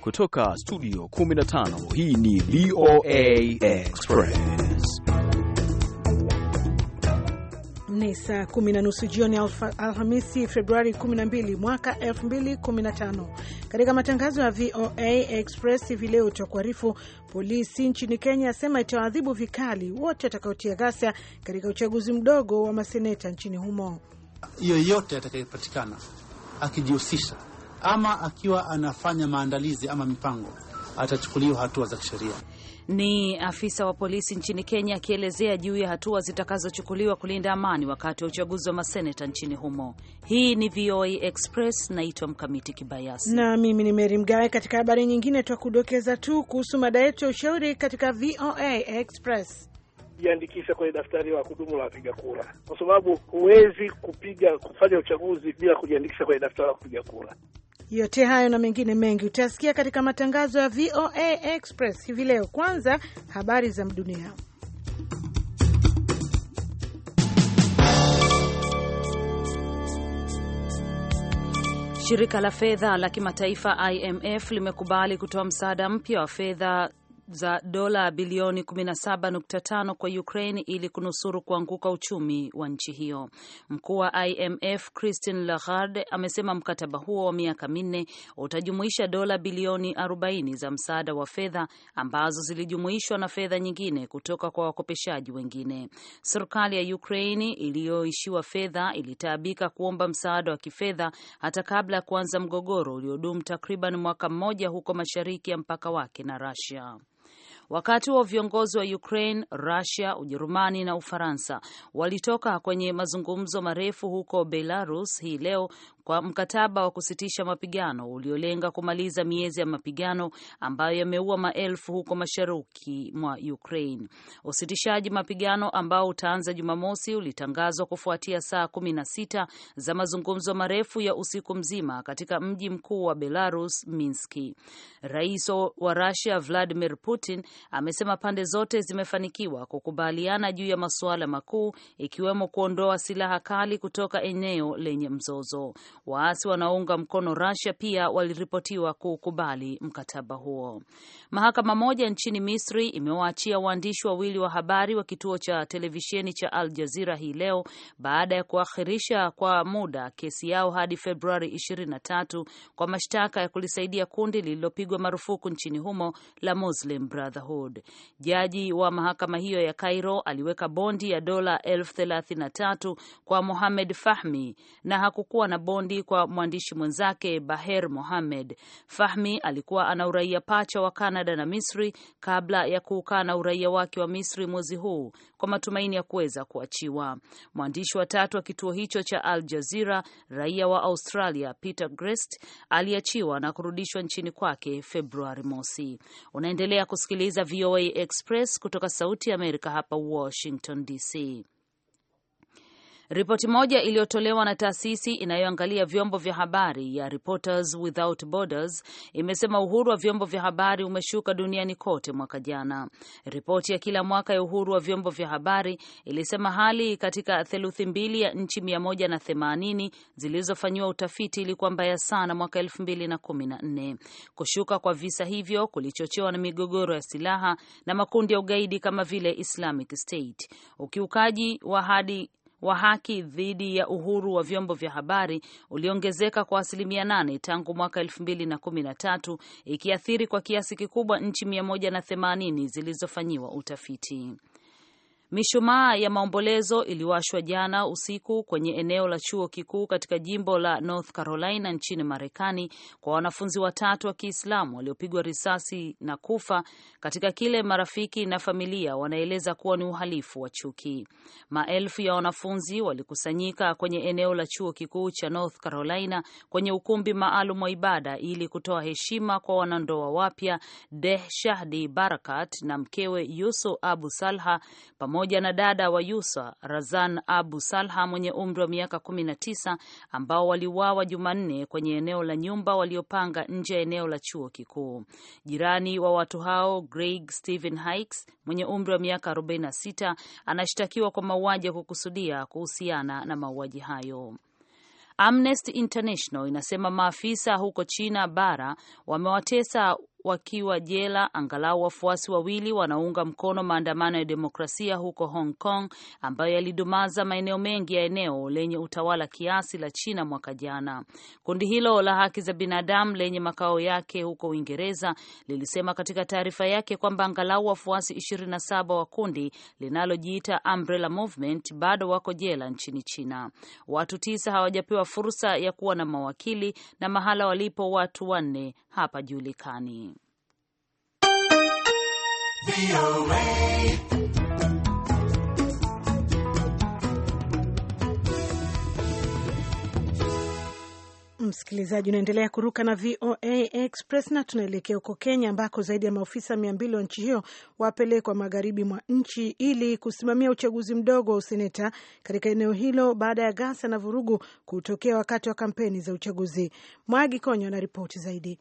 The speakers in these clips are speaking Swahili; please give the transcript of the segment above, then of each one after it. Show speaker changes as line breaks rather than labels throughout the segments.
Kutoka studio 15 hii ni VOA Express.
Ni saa kumi na nusu jioni Alhamisi, Februari 12 mwaka 2015. Katika matangazo ya VOA Express hivi leo tutakuarifu polisi nchini Kenya asema itawaadhibu vikali wote atakaotia ghasia katika uchaguzi mdogo wa maseneta nchini humo.
Yoyote atakayepatikana akijihusisha ama akiwa anafanya maandalizi ama mipango, atachukuliwa hatua za kisheria.
Ni afisa wa polisi nchini Kenya akielezea juu ya hatua zitakazochukuliwa kulinda amani wakati wa uchaguzi wa maseneta nchini humo. Hii ni VOA Express, naitwa Mkamiti Kibayasi na
mimi ni Meri Mgawe. Katika habari nyingine, twa kudokeza tu kuhusu mada yetu ya ushauri katika VOA Express
jiandikisha kwenye daftari la kudumu la wapiga kura, kwa sababu huwezi kupiga kufanya uchaguzi bila kujiandikisha kwenye daftari la kupiga kura.
Yote hayo na mengine mengi utasikia katika matangazo ya VOA Express hivi leo. Kwanza habari za dunia.
Shirika la fedha la kimataifa IMF limekubali kutoa msaada mpya wa fedha za dola bilioni 17.5 kwa Ukraine ili kunusuru kuanguka uchumi wa nchi hiyo. Mkuu wa IMF Christine Lagarde amesema mkataba huo wa miaka minne utajumuisha dola bilioni 40 za msaada wa fedha ambazo zilijumuishwa na fedha nyingine kutoka kwa wakopeshaji wengine. Serikali ya Ukraine iliyoishiwa fedha ilitaabika kuomba msaada wa kifedha hata kabla ya kuanza mgogoro uliodumu takriban mwaka mmoja huko mashariki ya mpaka wake na Russia wakati wa viongozi wa Ukraine, Russia, Ujerumani na Ufaransa walitoka kwenye mazungumzo marefu huko Belarus hii leo kwa mkataba wa kusitisha mapigano uliolenga kumaliza miezi ya mapigano ambayo yameua maelfu huko mashariki mwa Ukraine. Usitishaji mapigano ambao utaanza Jumamosi ulitangazwa kufuatia saa kumi na sita za mazungumzo marefu ya usiku mzima katika mji mkuu wa Belarus, Minski. Rais wa Rusia Vladimir Putin amesema pande zote zimefanikiwa kukubaliana juu ya masuala makuu ikiwemo kuondoa silaha kali kutoka eneo lenye mzozo. Waasi wanaounga mkono Russia pia waliripotiwa kuukubali mkataba huo. Mahakama moja nchini Misri imewaachia waandishi wawili wa habari wa kituo cha televisheni cha Al Jazeera hii leo baada ya kuakhirisha kwa muda kesi yao hadi Februari 23 kwa mashtaka ya kulisaidia kundi lililopigwa marufuku nchini humo la Muslim Brotherhood. Jaji wa mahakama hiyo ya Cairo aliweka bondi ya dola elfu thelathini na tatu kwa Mohamed Fahmi na hakukuwa na bondi kundi kwa mwandishi mwenzake Baher Mohamed. Fahmi alikuwa ana uraia pacha wa Kanada na Misri kabla ya kuukana uraia wake wa Misri mwezi huu kwa matumaini ya kuweza kuachiwa. Mwandishi wa tatu wa kituo hicho cha Al Jazeera, raia wa Australia Peter Grest, aliachiwa na kurudishwa nchini kwake Februari mosi. Unaendelea kusikiliza VOA Express kutoka Sauti ya Amerika hapa Washington DC. Ripoti moja iliyotolewa na taasisi inayoangalia vyombo vya habari ya Reporters Without Borders imesema uhuru wa vyombo vya habari umeshuka duniani kote mwaka jana. Ripoti ya kila mwaka ya uhuru wa vyombo vya habari ilisema hali katika theluthi mbili ya nchi themanini zilizofanyiwa utafiti ilikuwa mbaya sana mwaka na na kumi nne Kushuka kwa visa hivyo kulichochewa na migogoro ya silaha na makundi ya ugaidi kama vile Islamic State, ukiukaji wa hadi wa haki dhidi ya uhuru wa vyombo vya habari uliongezeka kwa asilimia nane tangu mwaka elfu mbili na kumi na tatu ikiathiri kwa kiasi kikubwa nchi mia moja na themanini zilizofanyiwa utafiti. Mishumaa ya maombolezo iliwashwa jana usiku kwenye eneo la chuo kikuu katika jimbo la North Carolina nchini Marekani kwa wanafunzi watatu wa Kiislamu waliopigwa risasi na kufa katika kile marafiki na familia wanaeleza kuwa ni uhalifu wa chuki. Maelfu ya wanafunzi walikusanyika kwenye eneo la chuo kikuu cha North Carolina kwenye ukumbi maalum wa ibada ili kutoa heshima kwa wanandoa wapya Deh Shahdi Barakat na mkewe Yusu Abu Salha pamoja na dada wa Yusa Razan Abu Salha mwenye umri wa miaka 19 ambao waliuawa Jumanne kwenye eneo la nyumba waliopanga nje ya eneo la chuo kikuu. Jirani wa watu hao Greg Stephen Hicks mwenye umri wa miaka 46 anashtakiwa kwa mauaji ya kukusudia kuhusiana na mauaji hayo. Amnesty International inasema maafisa huko China bara wamewatesa wakiwa jela, angalau wafuasi wawili wanaunga mkono maandamano ya demokrasia huko Hong Kong ambayo yalidumaza maeneo mengi ya eneo lenye utawala kiasi la China mwaka jana. Kundi hilo la haki za binadamu lenye makao yake huko Uingereza lilisema katika taarifa yake kwamba angalau wafuasi 27 wa kundi linalojiita Umbrella Movement bado wako jela nchini China. Watu tisa hawajapewa fursa ya kuwa na mawakili na mahala walipo watu wanne hapajulikani.
msikilizaji, unaendelea kuruka na VOA Express na tunaelekea huko Kenya ambako zaidi ya maofisa mia mbili wa nchi hiyo wapelekwa magharibi mwa nchi ili kusimamia uchaguzi mdogo wa useneta katika eneo hilo baada ya ghasia na vurugu kutokea wakati wa kampeni za uchaguzi. Mwagi Konyo na ripoti zaidi.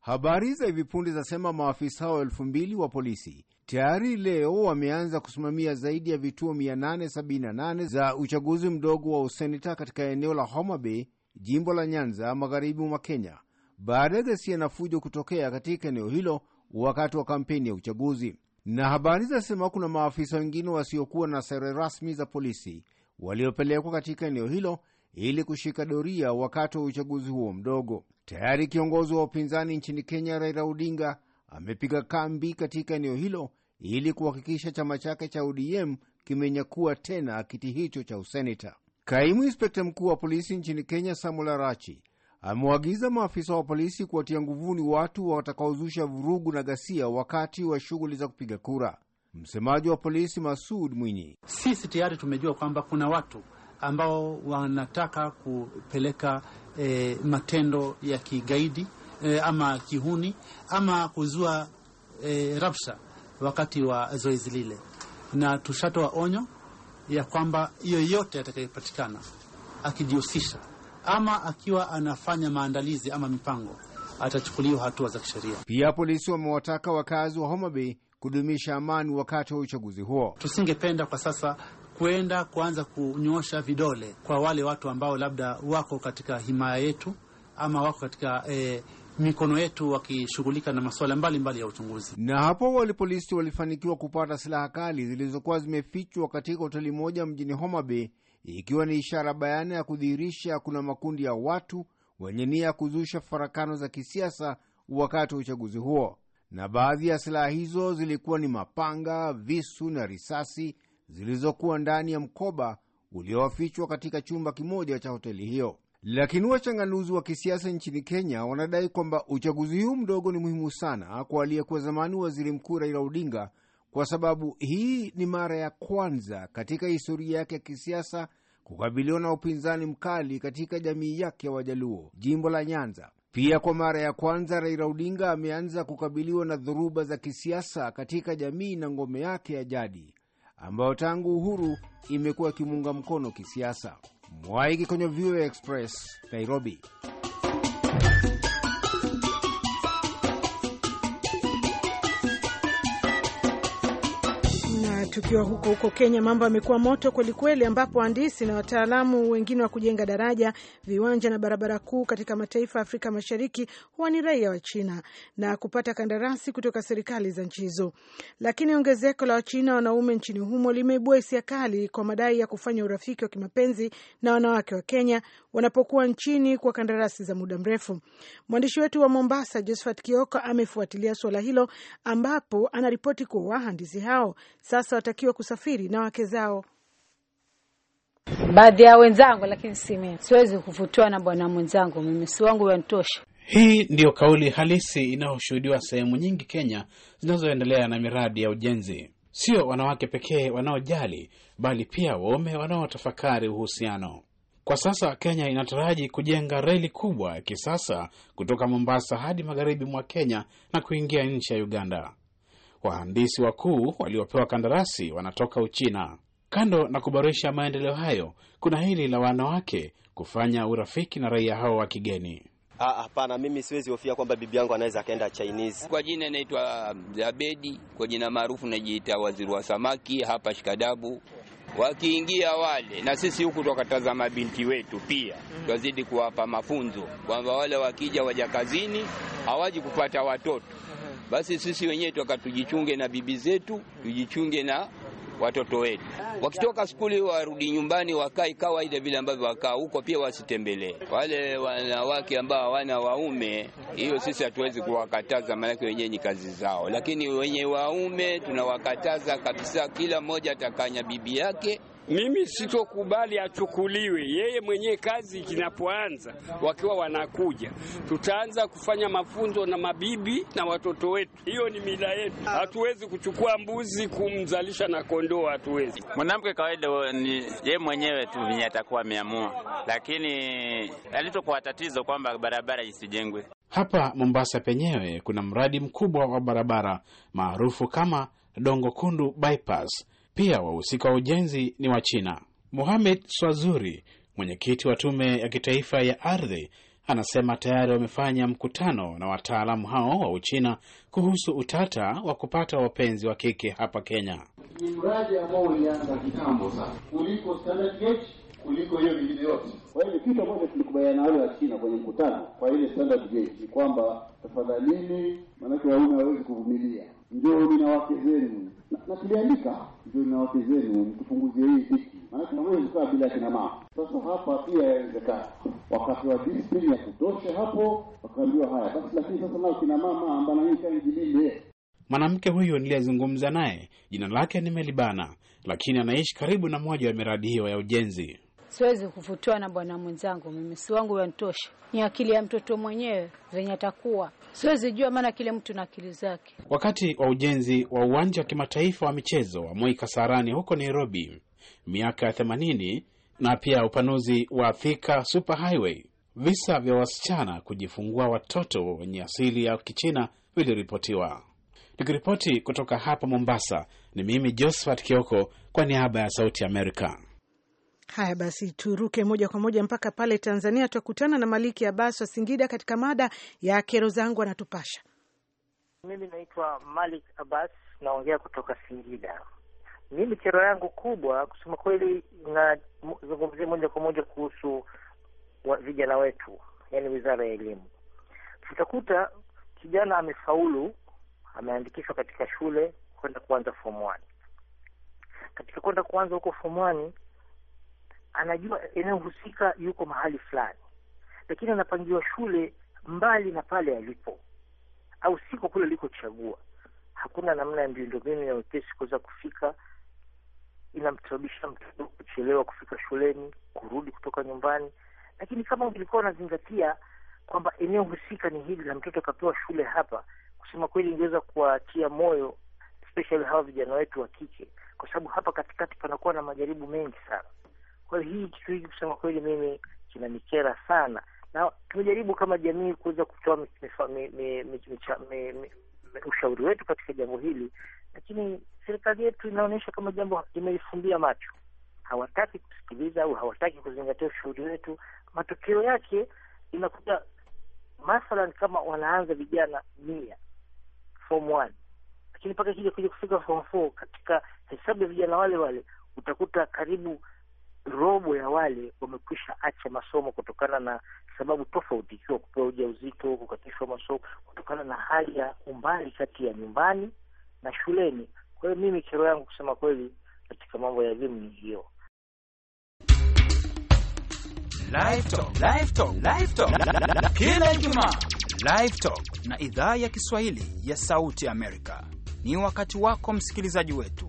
Habari za hivi punde zinasema maafisa hao elfu mbili wa polisi tayari leo wameanza kusimamia zaidi ya vituo 878 za uchaguzi mdogo wa useneta katika eneo la Homa Bay jimbo la Nyanza, magharibi mwa Kenya, baada ya ghasia na fujo kutokea katika eneo hilo wakati wa kampeni ya uchaguzi. Na habari zinasema kuna maafisa wengine wasiokuwa na sare rasmi za polisi waliopelekwa katika eneo hilo ili kushika doria wakati wa uchaguzi huo mdogo. Tayari kiongozi wa upinzani nchini Kenya Raila Odinga amepiga kambi katika eneo hilo ili kuhakikisha chama chake cha ODM kimenyakua tena kiti hicho cha useneta. Kaimu inspekta mkuu wa polisi nchini Kenya Samuel Arachi amewaagiza maafisa wa polisi kuwatia nguvuni watu watakaozusha vurugu na ghasia wakati wa shughuli za kupiga kura. Msemaji wa polisi Masud Mwinyi:
sisi tayari tumejua kwamba kuna watu ambao wanataka kupeleka e, matendo ya kigaidi e, ama kihuni ama kuzua e, rabsha wakati wa zoezi lile, na tushatoa onyo ya kwamba yoyote atakayepatikana akijihusisha ama akiwa anafanya maandalizi ama mipango atachukuliwa hatua za kisheria.
Pia polisi wamewataka wakazi wa Homa Bay kudumisha amani
wakati wa uchaguzi huo. Tusingependa kwa sasa kwenda kuanza kunyosha vidole kwa wale watu ambao labda wako katika himaya yetu ama wako katika eh, mikono yetu wakishughulika na masuala mbalimbali ya uchunguzi.
Na hapo polisi walifanikiwa kupata silaha kali zilizokuwa zimefichwa katika hoteli moja mjini Homabay, ikiwa ni ishara bayana ya kudhihirisha kuna makundi ya watu wenye nia ya kuzusha farakano za kisiasa wakati wa uchaguzi huo. Na baadhi ya silaha hizo zilikuwa ni mapanga, visu na risasi zilizokuwa ndani ya mkoba uliofichwa katika chumba kimoja cha hoteli hiyo. Lakini wachanganuzi wa kisiasa nchini Kenya wanadai kwamba uchaguzi huu mdogo ni muhimu sana kwa aliyekuwa zamani waziri mkuu Raila Odinga, kwa sababu hii ni mara ya kwanza katika historia yake ya kisiasa kukabiliwa na upinzani mkali katika jamii yake ya Wajaluo, jimbo la Nyanza. Pia kwa mara ya kwanza Raila Odinga ameanza kukabiliwa na dhoruba za kisiasa katika jamii na ngome yake ya jadi ambayo tangu uhuru imekuwa ikimuunga mkono kisiasa. Mwaiki kwenye View Express Nairobi.
Tukiwa huko huko Kenya, mambo yamekuwa moto kweli kweli, ambapo wahandisi na wataalamu wengine wa kujenga daraja, viwanja na barabara kuu katika mataifa ya Afrika Mashariki huwa ni raia wa China na kupata kandarasi kutoka serikali za nchi hizo. Lakini ongezeko la Wachina wanaume nchini humo limeibua hisia kali kwa madai ya kufanya urafiki wa kimapenzi na wanawake wa Kenya wanapokuwa nchini kwa kandarasi za muda mrefu. Mwandishi wetu wa Mombasa, Josephat Kioko, amefuatilia suala hilo, ambapo anaripoti kuwa wahandisi hao sasa wanatakiwa kusafiri na wake zao. Baadhi ya wenzangu, lakini si mimi, siwezi kuvutiwa na bwana mwenzangu, mimi si wangu wantosha.
Hii ndiyo kauli halisi inayoshuhudiwa sehemu nyingi Kenya zinazoendelea na miradi ya ujenzi. Sio wanawake pekee wanaojali, bali pia waume wanaotafakari uhusiano. Kwa sasa Kenya inataraji kujenga reli kubwa ya kisasa kutoka Mombasa hadi magharibi mwa Kenya na kuingia nchi ya Uganda wahandisi wakuu waliopewa kandarasi wanatoka Uchina. Kando na kuboresha maendeleo hayo, kuna hili la wanawake kufanya urafiki na raia hao wa kigeni.
Ah, hapana, mimi siwezi hofia kwamba bibi yangu anaweza akaenda Chinese. Kwa jina inaitwa Zabedi, kwa jina maarufu najiita
waziri wa samaki hapa Shikadabu. Wakiingia wale na sisi huku twakatazama binti wetu pia, twazidi kuwapa mafunzo kwamba wale wakija waja kazini hawaji kupata watoto basi sisi wenyewe tuka tujichunge na bibi zetu, tujichunge na watoto wetu. Wakitoka skuli warudi nyumbani, wakae kawaida vile ambavyo wakaa huko, pia wasitembelee wale wanawake ambao hawana waume. Hiyo sisi hatuwezi kuwakataza, maanake wenyewe ni kazi zao, lakini wenye waume tunawakataza kabisa. Kila mmoja atakanya bibi yake mimi sitokubali achukuliwe yeye mwenyewe. Kazi kinapoanza wakiwa wanakuja, tutaanza kufanya mafunzo na mabibi na watoto wetu. Hiyo ni mila yetu, hatuwezi kuchukua mbuzi kumzalisha na kondoo, hatuwezi. Mwanamke kawaida ni yeye mwenyewe tu venye atakuwa ameamua, lakini alitokuwa tatizo kwamba barabara isijengwe
hapa Mombasa. Penyewe kuna mradi mkubwa wa barabara maarufu kama Dongo Kundu bypass pia wahusika wa ujenzi ni Wachina. muhamed Swazuri, mwenyekiti wa Tume ya Kitaifa ya Ardhi, anasema tayari wamefanya mkutano na wataalamu hao wa Uchina kuhusu utata wa kupata wapenzi wa kike hapa Kenya.
Ni mradi ambao ulianza kitambo sana kuliko standard gauge, kuliko hiyo vingine yote. Kwa hiyo kitu ambacho tulikubaliana wale wa China kwenye mkutano kwa ile standard gauge ni kwamba tafadhalini, maanake waume hawezi kuvumilia, ni na wake zenu na tuliandika ndio na wake zenu mtupunguzie hii dhiki, maanake hamwezi kukaa bila kina mama. Sasa hapa pia yawezekana wakapewa disiplini ya kutosha hapo, wakaambiwa haya basi, lakini
sasa nao kina mama ambana kanijilinde.
Mwanamke huyo niliyezungumza naye jina lake ni melibana lakini anaishi karibu na moja ya miradi hiyo ya ujenzi
siwezi kuvutiwa na bwana mwenzangu. Mimi si wangu yanitosha, ni akili ya mtoto mwenyewe zenye atakuwa, siwezi jua, maana kile mtu na akili zake.
Wakati wa ujenzi wa uwanja wa kimataifa wa michezo wa Moi Kasarani huko Nairobi miaka ya themanini na pia upanuzi wa Thika Super Highway, visa vya wasichana kujifungua watoto wenye asili ya Kichina viliripotiwa. Nikiripoti kutoka hapa Mombasa, ni mimi Josephat Kioko kwa niaba ya Sauti Amerika.
Haya basi, turuke moja kwa moja mpaka pale Tanzania. Tutakutana na Maliki Abbas wa Singida katika mada ya kero zangu, anatupasha.
Mimi naitwa Malik Abbas, naongea kutoka Singida. Mimi kero yangu kubwa, kusema kweli, nazungumzia moja kwa moja kuhusu vijana wetu, yani wizara ya elimu. Tutakuta kijana amefaulu, ameandikishwa katika shule kwenda kuanza form one. Katika kwenda kuanza huko form one anajua eneo husika, yuko mahali fulani, lakini anapangiwa shule mbali na pale alipo, au siko kule alikochagua. Hakuna namna ya miundombinu ya wepesi kuweza kufika, inamsababisha mtoto kuchelewa kufika shuleni, kurudi kutoka nyumbani. Lakini kama ulikuwa unazingatia kwamba eneo husika ni hili na mtoto akapewa shule hapa, kusema kweli, ingeweza kuwatia moyo especially hawa vijana wetu wa kike, kwa sababu hapa katikati panakuwa na majaribu mengi sana. Kwa hiyo hii kitu hiki kusema kweli, mimi kinanikera sana, na tumejaribu kama jamii kuweza kutoa ushauri wetu katika jambo hili, lakini serikali yetu inaonyesha kama jambo imeifumbia macho, hawataki kusikiliza au hawataki kuzingatia ushauri wetu. Matokeo yake inakuta mathalan kama wanaanza vijana mia form one, lakini mpaka kija kuja kufika form four, katika hesabu ya vijana wale wale utakuta karibu robo ya wale wamekwisha acha masomo kutokana na sababu tofauti, ikiwa kupewa ujauzito, kukatishwa masomo kutokana na hali ya umbali kati ya nyumbani na shuleni. Kwa hiyo mimi kero yangu kusema kweli katika mambo ya elimu ni hiyo.
Kila Ijumaa Live Talk na idhaa ya Kiswahili ya Sauti Amerika, ni wakati wako msikilizaji wetu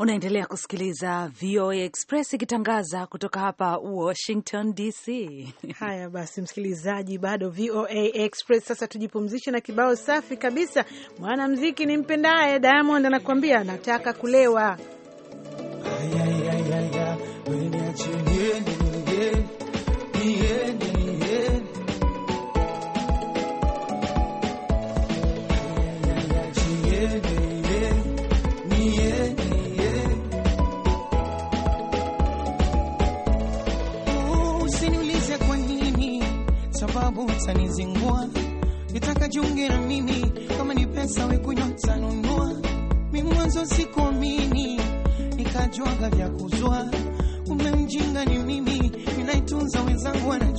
Unaendelea kusikiliza VOA
Express ikitangaza kutoka hapa Washington DC. Haya basi, msikilizaji, bado VOA Express. Sasa tujipumzishe na kibao safi kabisa. Mwanamziki ni mpendaye Diamond anakuambia nataka kulewa.
ay, kunywa zanunua, mi mwanzo sikuamini, nikajwaga vya kuzwa. Umemjinga ni mimi, ninaitunza wenzangu wana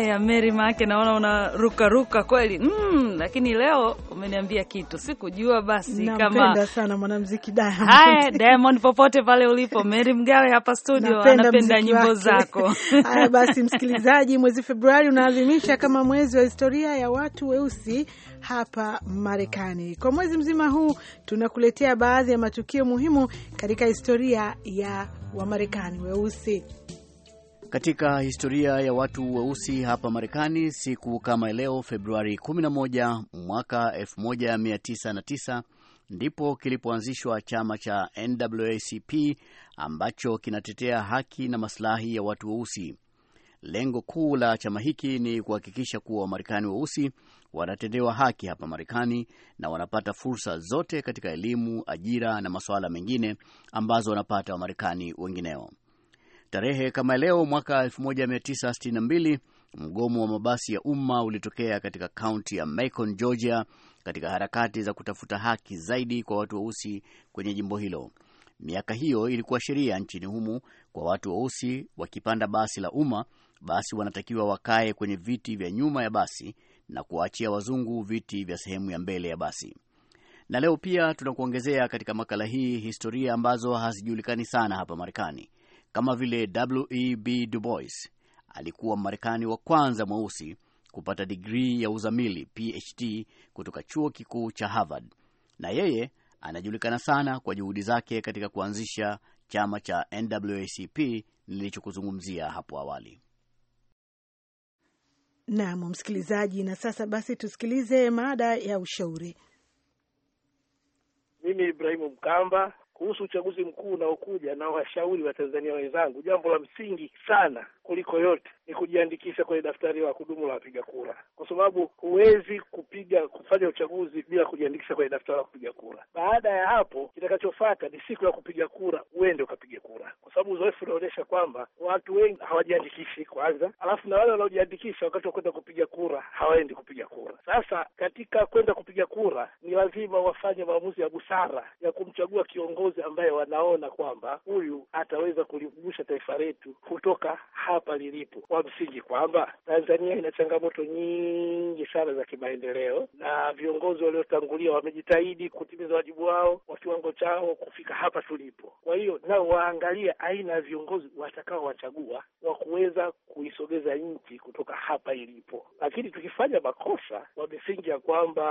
Haya Mary, Make, naona unarukaruka kweli mm, lakini leo umeniambia kitu sikujua. Basi kama
sana mwanamuziki Diamond. Haya, Diamond
popote pale ulipo, Mary Mgawe hapa studio napenda, anapenda nyimbo zako haya. Basi
msikilizaji, mwezi Februari unaadhimisha kama mwezi wa historia ya watu weusi hapa Marekani. Kwa mwezi mzima huu tunakuletea baadhi ya matukio muhimu katika historia ya Wamarekani weusi.
Katika historia ya watu weusi hapa Marekani, siku kama leo Februari 11 mwaka 1909 ndipo kilipoanzishwa chama cha NAACP ambacho kinatetea haki na masilahi ya watu weusi. Lengo kuu la chama hiki ni kuhakikisha kuwa Wamarekani weusi wanatendewa haki hapa Marekani na wanapata fursa zote katika elimu, ajira na masuala mengine ambazo wanapata Wamarekani wengineo. Tarehe kama leo mwaka 1962 mgomo wa mabasi ya umma ulitokea katika kaunti ya Macon, Georgia, katika harakati za kutafuta haki zaidi kwa watu weusi kwenye jimbo hilo. Miaka hiyo ilikuwa sheria nchini humo kwa watu weusi wakipanda basi la umma, basi wanatakiwa wakae kwenye viti vya nyuma ya basi na kuwaachia wazungu viti vya sehemu ya mbele ya basi. Na leo pia tunakuongezea katika makala hii historia ambazo hazijulikani sana hapa Marekani kama vile W.E.B. Du Bois alikuwa marekani wa kwanza mweusi kupata digrii ya uzamili PhD kutoka chuo kikuu cha Harvard, na yeye anajulikana sana kwa juhudi zake katika kuanzisha chama cha NAACP nilichokuzungumzia hapo awali.
Naam, msikilizaji, na sasa basi tusikilize mada ya ushauri.
Mimi Ibrahimu Mkamba kuhusu uchaguzi mkuu unaokuja, na washauri wa Tanzania wenzangu, jambo la msingi sana kuliko yote ni kujiandikisha kwenye daftari la kudumu la wapiga kura, kwa sababu huwezi kupiga kufanya uchaguzi bila kujiandikisha kwenye daftari la kupiga kura. Baada ya hapo, kitakachofata ni siku ya kupiga kura, uende ukapiga inaonyesha kwamba watu wengi hawajiandikishi kwanza, alafu na wale wanaojiandikisha wakati wa kwenda kupiga kura hawaendi kupiga kura. Sasa katika kwenda kupiga kura, ni lazima wafanye maamuzi ya busara ya kumchagua kiongozi ambaye wanaona kwamba huyu ataweza kuligusha taifa letu kutoka hapa lilipo. Kwa msingi kwamba Tanzania ina changamoto nyingi sana za kimaendeleo, na viongozi waliotangulia wamejitahidi kutimiza wajibu wao kwa kiwango chao kufika hapa tulipo. Kwa hiyo nao waangalie aina ya viongozi watakao wachagua wa kuweza kuisogeza nchi kutoka hapa ilipo. Lakini tukifanya makosa kwa misingi ya kwamba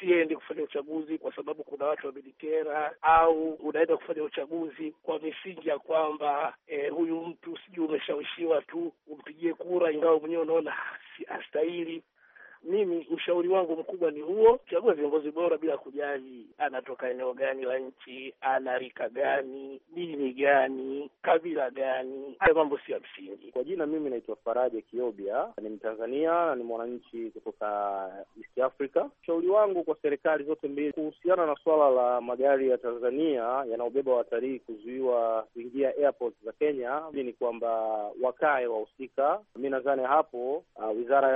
siendi kufanya uchaguzi kwa sababu kuna watu wamenikera, au unaenda kufanya uchaguzi kwa misingi ya kwamba eh, huyu mtu sijui umeshawishiwa unatakiwa tu umpigie kura, ingawa mwenyewe unaona si astahili, mimi ushauri wangu mkubwa ni huo, chagua viongozi bora bila kujali anatoka eneo gani la nchi, ana
rika gani, dini gani, kabila gani. Hayo mambo si ya msingi. Kwa jina, mimi naitwa Faraja Kiobia, ni Mtanzania na ni mwananchi kutoka East Africa. Ushauri wangu kwa serikali zote mbili kuhusiana na swala la magari ya Tanzania yanayobeba watalii kuzuiwa kuingia airport za Kenya ni kwamba wakae wahusika. Mi nadhani hapo uh, wizara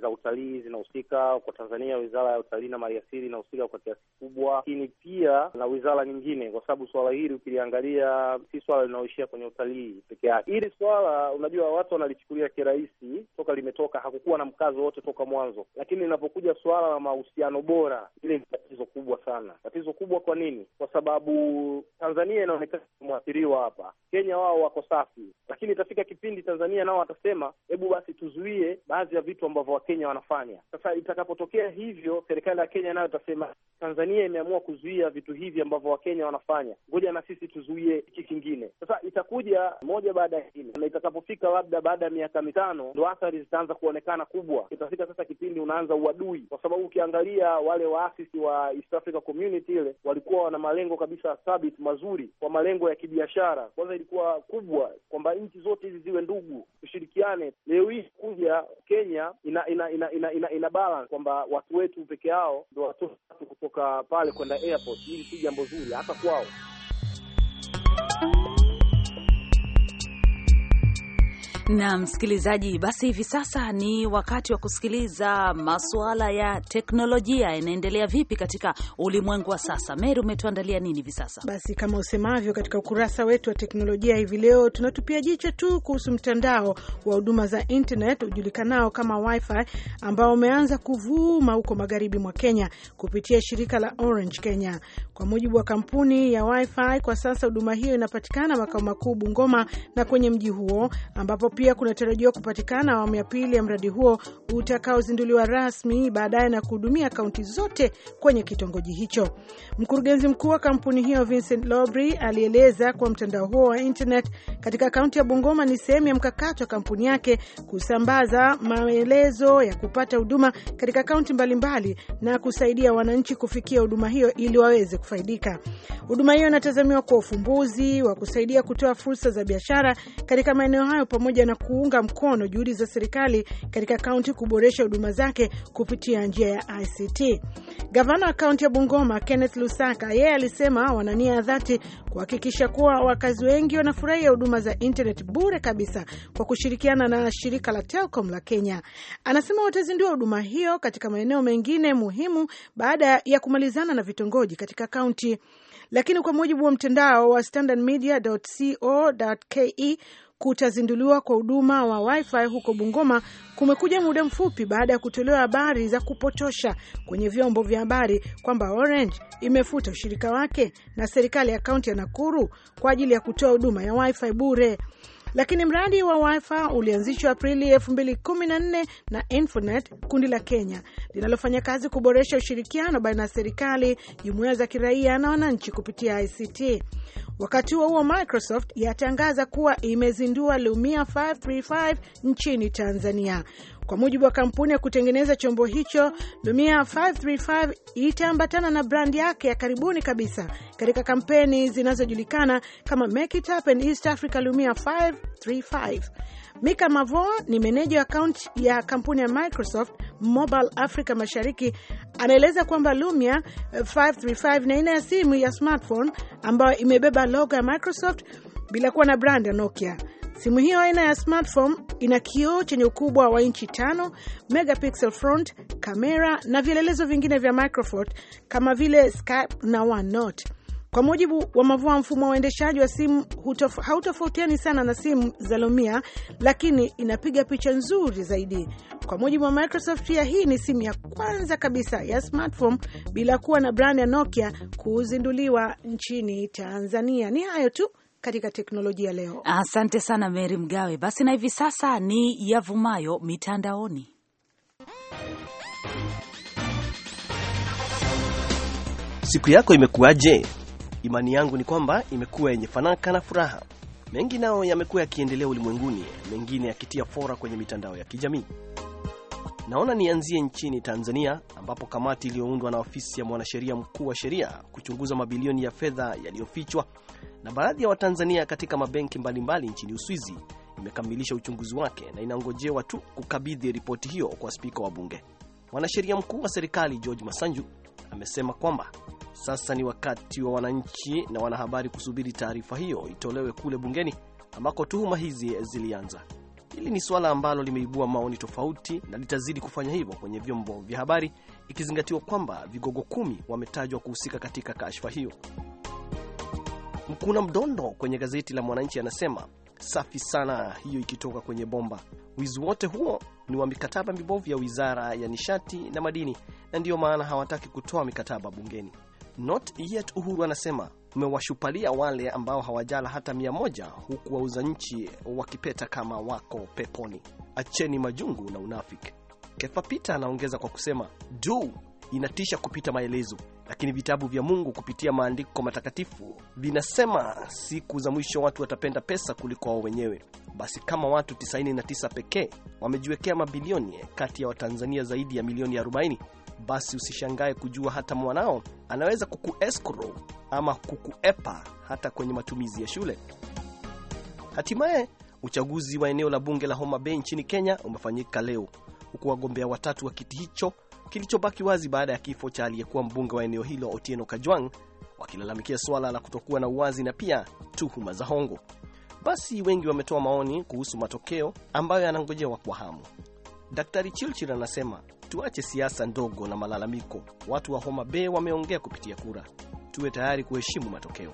za utalii utalii zinahusika kwa Tanzania, wizara ya utalii na maliasili inahusika kwa kiasi kubwa, lakini pia na wizara nyingine, kwa sababu suala hili ukiliangalia si swala linaoishia kwenye utalii peke yake. Hili swala unajua, watu wanalichukulia kirahisi toka limetoka, hakukuwa na mkazo wote toka mwanzo, lakini linapokuja suala la mahusiano bora, hili ni tatizo kubwa sana. Tatizo kubwa kwa nini? Kwa sababu Tanzania inaonekana imeathiriwa hapa. Kenya wao wako safi, lakini itafika kipindi Tanzania nao watasema, hebu basi tuzuie baadhi ya vitu ambavyo Wakenya wanafanya kufanya. Sasa itakapotokea hivyo, serikali ya Kenya nayo itasema Tanzania imeamua kuzuia vitu hivi ambavyo Wakenya wanafanya, ngoja na sisi tuzuie hiki kingine. Sasa itakuja moja baada ya ingine, na itakapofika labda baada ya miaka mitano, ndo athari zitaanza kuonekana kubwa. Itafika sasa kipindi unaanza uadui, kwa sababu ukiangalia wale waasisi wa East Africa Community ile walikuwa wana malengo kabisa thabit mazuri, kwa malengo ya kibiashara. Kwanza ilikuwa kubwa kwamba nchi zote hizi ziwe ndugu, tushirikiane. Leo hii kuja Kenya ina, ina, ina, ina ina, ina, ina balance kwamba watu wetu peke yao ndo watu kutoka pale kwenda airport. Hili si jambo zuri hata kwao.
na msikilizaji, basi hivi sasa ni wakati wa kusikiliza masuala ya teknolojia yanaendelea vipi katika ulimwengu wa sasa. Meri, umetuandalia nini hivi sasa?
Basi kama usemavyo katika ukurasa wetu wa teknolojia hivi leo, tunatupia jicho tu kuhusu mtandao wa huduma za internet ujulikanao kama wifi ambao umeanza kuvuma huko magharibi mwa Kenya kupitia shirika la Orange Kenya. Kwa mujibu wa kampuni ya wifi, kwa sasa huduma hiyo inapatikana makao makuu Bungoma na kwenye mji huo ambapo pia kunatarajiwa kupatikana awamu ya pili ya mradi huo utakaozinduliwa rasmi baadaye na kuhudumia kaunti zote kwenye kitongoji hicho. Mkurugenzi mkuu wa kampuni hiyo Vincent Lobry alieleza kuwa mtandao huo wa internet katika kaunti ya Bungoma ni sehemu ya mkakati wa kampuni yake kusambaza maelezo ya kupata huduma katika kaunti mbalimbali na kusaidia wananchi kufikia huduma hiyo ili waweze kufaidika. Huduma hiyo inatazamiwa kwa ufumbuzi wa kusaidia kutoa fursa za biashara katika maeneo hayo pamoja na kuunga mkono juhudi za serikali katika kaunti kuboresha huduma zake kupitia njia ya ICT. Gavana wa kaunti ya Bungoma Kenneth Lusaka yeye alisema wana nia ya dhati kuhakikisha kuwa wakazi wengi wanafurahia huduma za internet bure kabisa kwa kushirikiana na shirika la Telcom la Kenya. Anasema watazindua huduma hiyo katika maeneo mengine muhimu baada ya kumalizana na vitongoji katika kaunti. Lakini kwa mujibu wa mtandao wa standardmedia.co.ke kutazinduliwa kwa huduma wa wifi huko Bungoma kumekuja muda mfupi baada ya kutolewa habari za kupotosha kwenye vyombo vya habari kwamba Orange imefuta ushirika wake na serikali ya kaunti ya Nakuru kwa ajili ya kutoa huduma ya wifi bure lakini mradi wa wifi ulianzishwa Aprili 2014 na Infonet, kundi la Kenya linalofanya kazi kuboresha ushirikiano baina ya serikali, jumuiya za kiraia na wananchi kupitia ICT. Wakati huo huo, Microsoft yatangaza kuwa imezindua Lumia 535 nchini Tanzania. Kwa mujibu wa kampuni ya kutengeneza chombo hicho, Lumia 535 itaambatana na brandi yake ya karibuni kabisa katika kampeni zinazojulikana kama Make It East Africa Lumia 535. Mika Mavoa ni meneja wa akaunti ya kampuni ya Microsoft Mobile Africa Mashariki, anaeleza kwamba Lumia 535 eh, ni aina ya simu ya smartphone ambayo imebeba logo ya Microsoft bila kuwa na brand ya Nokia. Simu hiyo aina ya smartphone ina kioo chenye ukubwa wa inchi tano, megapixel front, kamera na vielelezo vingine vya microphone kama vile Skype na OneNote. Kwa mujibu wa Mavua, mfumo wa uendeshaji wa simu hautofautiani sana na simu za Lumia, lakini inapiga picha nzuri zaidi. Kwa mujibu wa Microsoft, pia hii ni simu ya kwanza kabisa ya smartphone bila kuwa na brand ya Nokia kuzinduliwa nchini Tanzania. Ni hayo tu katika teknolojia leo.
Asante sana Mary Mgawe. Basi na hivi sasa ni yavumayo mitandaoni.
Siku yako imekuwaje? Imani yangu ni kwamba imekuwa yenye fanaka na furaha. Mengi nayo yamekuwa yakiendelea ulimwenguni, mengine yakitia fora kwenye mitandao ya kijamii. Naona nianzie nchini Tanzania, ambapo kamati iliyoundwa na ofisi ya mwanasheria mkuu wa sheria kuchunguza mabilioni ya fedha yaliyofichwa na baadhi ya Watanzania katika mabenki mbalimbali nchini Uswizi imekamilisha uchunguzi wake na inaongojewa tu kukabidhi ripoti hiyo kwa spika wa bunge. Mwanasheria mkuu wa serikali George Masanju amesema kwamba sasa ni wakati wa wananchi na wanahabari kusubiri taarifa hiyo itolewe kule bungeni ambako tuhuma hizi zilianza. Hili ni suala ambalo limeibua maoni tofauti na litazidi kufanya hivyo kwenye vyombo vya habari, ikizingatiwa kwamba vigogo kumi wametajwa kuhusika katika kashfa hiyo. Mkuna Mdondo kwenye gazeti la Mwananchi anasema safi sana hiyo ikitoka kwenye bomba. Wizi wote huo ni wa mikataba mibovu ya wizara ya nishati na madini, na ndiyo maana hawataki kutoa mikataba bungeni. Not yet Uhuru anasema mmewashupalia wale ambao hawajala hata mia moja, huku wauza nchi wakipeta kama wako peponi. Acheni majungu na unafiki. Kefa Pita anaongeza kwa kusema juu inatisha kupita maelezo lakini vitabu vya Mungu kupitia maandiko matakatifu vinasema siku za mwisho watu watapenda pesa kuliko wao wenyewe. Basi kama watu 99 pekee wamejiwekea mabilioni kati ya Watanzania zaidi ya milioni 40, basi usishangae kujua hata mwanao anaweza kukuescrow ama kukuepa hata kwenye matumizi ya shule. Hatimaye uchaguzi wa eneo la bunge la Homa Bay nchini Kenya umefanyika leo huku wagombea watatu wa kiti hicho Kilichobaki wazi baada ya kifo cha aliyekuwa mbunge wa eneo hilo Otieno Kajwang', wakilalamikia suala la kutokuwa na uwazi na pia tuhuma za hongo. Basi wengi wametoa maoni kuhusu matokeo ambayo yanangojewa kwa hamu. Daktari Chilchil anasema tuache siasa ndogo na malalamiko. Watu wa Homa Bay wameongea kupitia kura, tuwe tayari kuheshimu matokeo.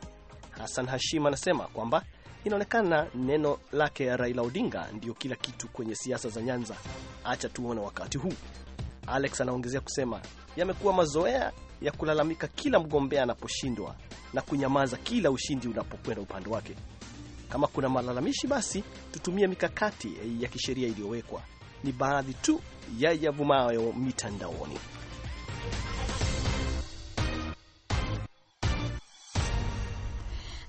Hassan Hashim anasema kwamba inaonekana neno lake Raila Odinga ndiyo kila kitu kwenye siasa za Nyanza. Acha tuone wakati huu Alex anaongezea kusema yamekuwa mazoea ya kulalamika kila mgombea anaposhindwa na kunyamaza kila ushindi unapokwenda upande wake. Kama kuna malalamishi, basi tutumie mikakati ya kisheria iliyowekwa. Ni baadhi tu ya yavumayo mitandaoni.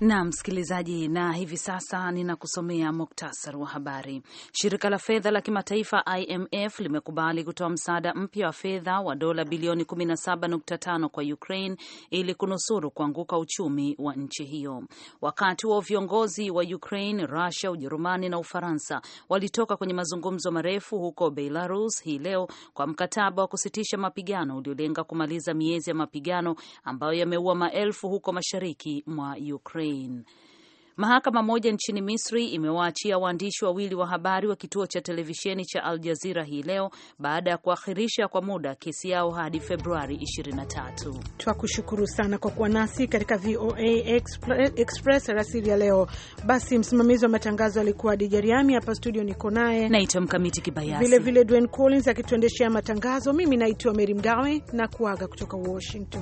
Na msikilizaji, na hivi sasa ninakusomea muktasari wa habari. Shirika la fedha la kimataifa IMF limekubali kutoa msaada mpya wa fedha wa dola bilioni 17.5 kwa Ukraine ili kunusuru kuanguka uchumi wa nchi hiyo. Wakati wa viongozi wa Ukraine, Russia, Ujerumani na Ufaransa walitoka kwenye mazungumzo marefu huko Belarus hii leo kwa mkataba wa kusitisha mapigano uliolenga kumaliza miezi ya mapigano ambayo yameua maelfu huko mashariki mwa Ukraine. Spain. Mahakama moja nchini Misri imewaachia waandishi wawili wa habari wa kituo cha televisheni cha Al Jazira hii leo baada ya kuakhirisha kwa muda kesi yao hadi Februari 23.
Twakushukuru sana kwa kuwa nasi katika VOA Express rasili ya leo. Basi msimamizi wa matangazo alikuwa riami hapa studio niko naye
naitwa Mkamiti Kibayasi, vilevile
Dwayne Collins akituendeshea matangazo. Mimi naitwa Meri Mgawe na kuaga kutoka Washington.